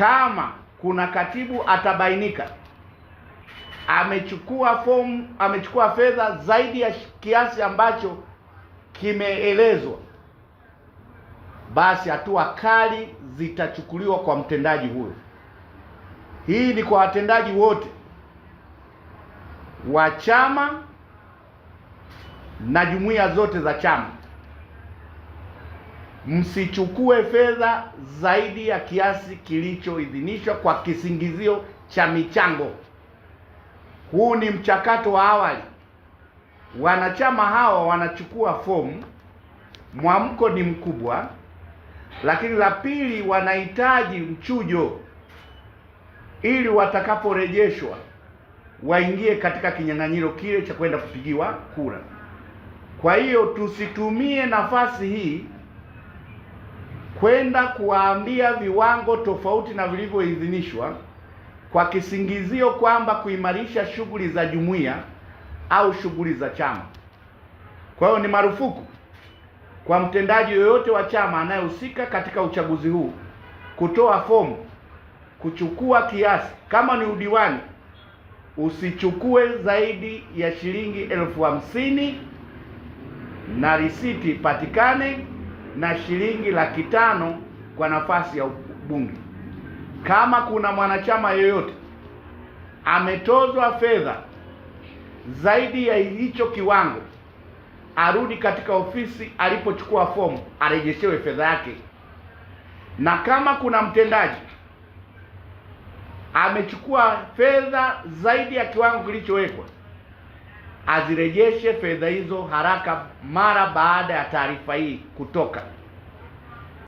kama kuna katibu atabainika amechukua fomu, amechukua fedha zaidi ya kiasi ambacho kimeelezwa, basi hatua kali zitachukuliwa kwa mtendaji huyo. Hii ni kwa watendaji wote wa chama na jumuiya zote za chama msichukue fedha zaidi ya kiasi kilichoidhinishwa kwa kisingizio cha michango. Huu ni mchakato wa awali. Wanachama hawa wanachukua fomu, mwamko ni mkubwa, lakini la pili, wanahitaji mchujo ili watakaporejeshwa waingie katika kinyang'anyiro kile cha kwenda kupigiwa kura. Kwa hiyo tusitumie nafasi hii kwenda kuwaambia viwango tofauti na vilivyoidhinishwa kwa kisingizio kwamba kuimarisha shughuli za jumuiya au shughuli za chama. Kwa hiyo ni marufuku kwa mtendaji yoyote wa chama anayehusika katika uchaguzi huu kutoa fomu, kuchukua kiasi, kama ni udiwani, usichukue zaidi ya shilingi elfu hamsini na risiti patikane na shilingi laki tano kwa nafasi ya ubunge. Kama kuna mwanachama yoyote ametozwa fedha zaidi ya hicho kiwango, arudi katika ofisi alipochukua fomu arejeshewe fedha yake, na kama kuna mtendaji amechukua fedha zaidi ya kiwango kilichowekwa azirejeshe fedha hizo haraka mara baada ya taarifa hii kutoka.